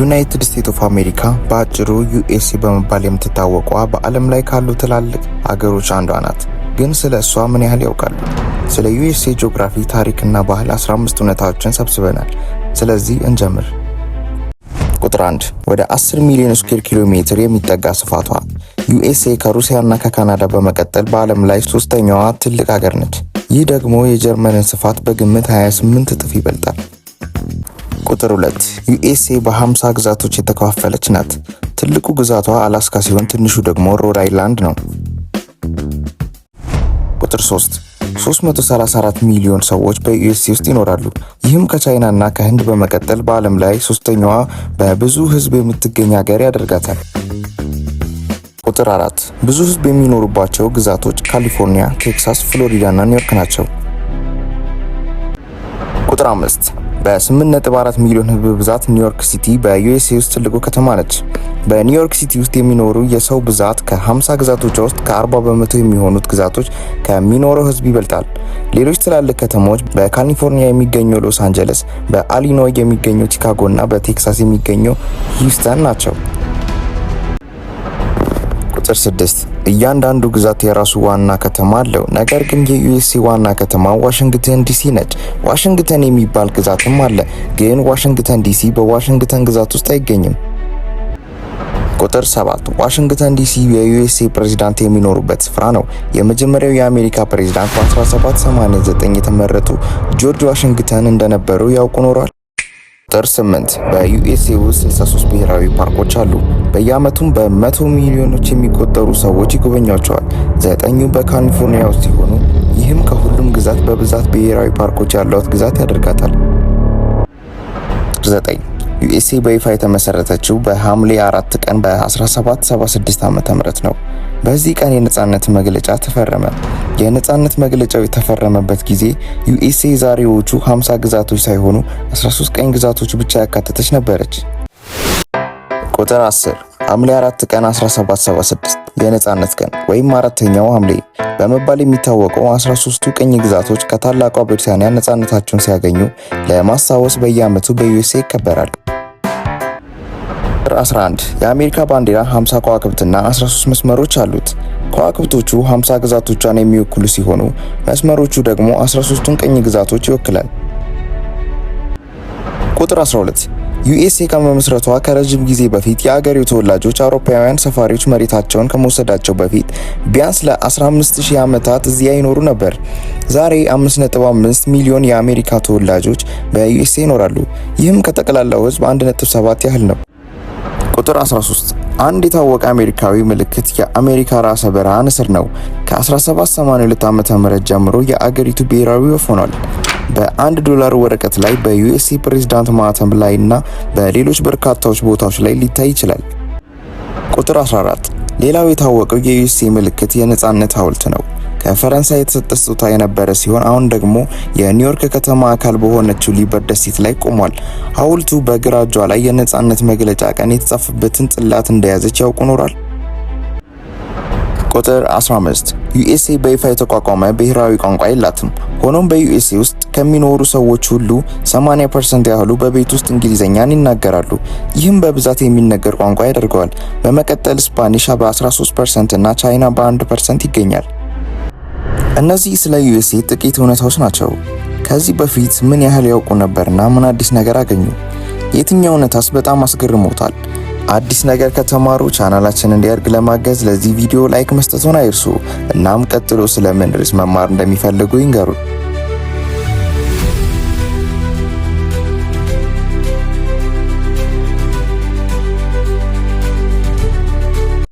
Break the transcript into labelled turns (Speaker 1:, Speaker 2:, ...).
Speaker 1: ዩናይትድ ስቴት ኦፍ አሜሪካ በአጭሩ ዩኤስኤ በመባል የምትታወቋ በዓለም ላይ ካሉ ትላልቅ አገሮች አንዷ ናት። ግን ስለ እሷ ምን ያህል ያውቃሉ? ስለ ዩኤስኤ ጂኦግራፊ፣ ታሪክና ባህል 15 እውነታዎችን ሰብስበናል። ስለዚህ እንጀምር። ቁጥር 1 ወደ 10 ሚሊዮን ስኩዌር ኪሎ ሜትር የሚጠጋ ስፋቷ ዩኤስኤ ከሩሲያና ከካናዳ በመቀጠል በዓለም ላይ ሶስተኛዋ ትልቅ ሀገር ነች። ይህ ደግሞ የጀርመንን ስፋት በግምት 28 እጥፍ ይበልጣል። ቁጥር 2 ዩኤስኤ በ50 ግዛቶች የተከፋፈለች ናት። ትልቁ ግዛቷ አላስካ ሲሆን ትንሹ ደግሞ ሮድ አይላንድ ነው። ቁጥር 3 334 ሚሊዮን ሰዎች በዩኤስኤ ውስጥ ይኖራሉ። ይህም ከቻይና እና ከህንድ በመቀጠል በዓለም ላይ ሶስተኛዋ በብዙ ህዝብ የምትገኝ ሀገር ያደርጋታል። ቁጥር 4 ብዙ ህዝብ የሚኖሩባቸው ግዛቶች ካሊፎርኒያ፣ ቴክሳስ፣ ፍሎሪዳ እና ኒውዮርክ ናቸው። ቁጥር 5 በ8.4 ሚሊዮን ህዝብ ብዛት ኒውዮርክ ሲቲ በዩኤስኤ ውስጥ ትልቁ ከተማ ነች። በኒውዮርክ ሲቲ ውስጥ የሚኖሩ የሰው ብዛት ከ50 ግዛቶች ውስጥ ከ40 በመቶ የሚሆኑት ግዛቶች ከሚኖረው ህዝብ ይበልጣል። ሌሎች ትላልቅ ከተሞች በካሊፎርኒያ የሚገኘው ሎስ አንጀለስ፣ በአሊኖይ የሚገኘው ቺካጎ እና በቴክሳስ የሚገኘው ሂውስተን ናቸው። ቁጥር 6 እያንዳንዱ ግዛት የራሱ ዋና ከተማ አለው። ነገር ግን የዩኤስኤ ዋና ከተማ ዋሽንግተን ዲሲ ነች። ዋሽንግተን የሚባል ግዛትም አለ፣ ግን ዋሽንግተን ዲሲ በዋሽንግተን ግዛት ውስጥ አይገኝም። ቁጥር 7 ዋሽንግተን ዲሲ የዩኤስኤ ፕሬዝዳንት የሚኖሩበት ስፍራ ነው። የመጀመሪያው የአሜሪካ ፕሬዝዳንት በ1789 የተመረጡ ጆርጅ ዋሽንግተን እንደነበሩ ያውቁ ኖሯል። ጥር 8 በዩኤስኤ ውስጥ 63 ብሔራዊ ፓርኮች አሉ። በየዓመቱም በመቶ ሚሊዮኖች የሚቆጠሩ ሰዎች ይጎበኛቸዋል። ዘጠኙ በካሊፎርኒያ ውስጥ ሲሆኑ ይህም ከሁሉም ግዛት በብዛት ብሔራዊ ፓርኮች ያሏት ግዛት ያደርጋታል። 9 ዩኤስኤ በይፋ የተመሰረተችው በሐምሌ 4 ቀን በ1776 ዓ.ም ነው። በዚህ ቀን የነጻነት መግለጫ ተፈረመ። የነጻነት መግለጫው የተፈረመበት ጊዜ ዩኤስኤ ዛሬዎቹ 50 ግዛቶች ሳይሆኑ 13 ቀኝ ግዛቶች ብቻ ያካተተች ነበረች። ቁጥር 10 ሐምሌ 4 ቀን 1776 የነጻነት ቀን ወይም አራተኛው ሐምሌ በመባል የሚታወቀው 13ቱ ቅኝ ግዛቶች ከታላቋ ብሪታንያ ነጻነታቸውን ሲያገኙ ለማስታወስ በየዓመቱ በዩኤስኤ ይከበራል። ቁጥር 11 የአሜሪካ ባንዲራ 50 ከዋክብትና 13 መስመሮች አሉት። ከዋክብቶቹ 50 ግዛቶቿን የሚወክሉ ሲሆኑ መስመሮቹ ደግሞ 13ቱን ቅኝ ግዛቶች ይወክላል። ቁጥር 12 ዩኤስኤ ከመመስረቷ ከረጅም ጊዜ በፊት የአገሬው ተወላጆች አውሮፓውያን ሰፋሪዎች መሬታቸውን ከመውሰዳቸው በፊት ቢያንስ ለ15000 ዓመታት እዚያ ይኖሩ ነበር። ዛሬ 5.5 ሚሊዮን የአሜሪካ ተወላጆች በዩኤስኤ ይኖራሉ። ይህም ከጠቅላላው ህዝብ 1.7 ያህል ነው። ቁጥር 13 አንድ የታወቀ አሜሪካዊ ምልክት የአሜሪካ ራሰ በረሃ ንስር ነው። ከ1782 ዓ.ም ጀምሮ የአገሪቱ ብሔራዊ ወፍ ሆኗል። በአንድ ዶላር ወረቀት ላይ በዩኤስሲ ፕሬዝዳንት ማህተም ላይ እና በሌሎች በርካታዎች ቦታዎች ላይ ሊታይ ይችላል። ቁጥር 14 ሌላው የታወቀው የዩኤስሲ ምልክት የነፃነት ሐውልት ነው። ከፈረንሳይ የተሰጠ ስጦታ የነበረ ሲሆን አሁን ደግሞ የኒውዮርክ ከተማ አካል በሆነችው ሊበር ደሴት ላይ ቆሟል። ሐውልቱ በግራ እጇ ላይ የነጻነት መግለጫ ቀን የተጻፈበትን ጽላት እንደያዘች ያውቁ ኖራል። ቁጥር 15 ዩኤስኤ በይፋ የተቋቋመ ብሔራዊ ቋንቋ የላትም። ሆኖም በዩኤስኤ ውስጥ ከሚኖሩ ሰዎች ሁሉ 80% ያህሉ በቤት ውስጥ እንግሊዝኛን ይናገራሉ። ይህም በብዛት የሚነገር ቋንቋ ያደርገዋል። በመቀጠል ስፓኒሽ በ13% እና ቻይና በ1% ይገኛል። እነዚህ ስለ ዩኤስኤ ጥቂት እውነታዎች ናቸው። ከዚህ በፊት ምን ያህል ያውቁ ነበርና ምን አዲስ ነገር አገኙ? የትኛው እውነታስ በጣም አስገርሞታል? አዲስ ነገር ከተማሩ ቻናላችን እንዲያድግ ለማገዝ ለዚህ ቪዲዮ ላይክ መስጠቱን አይርሱ። እናም ቀጥሎ ስለምን ርዕስ መማር እንደሚፈልጉ ይንገሩ።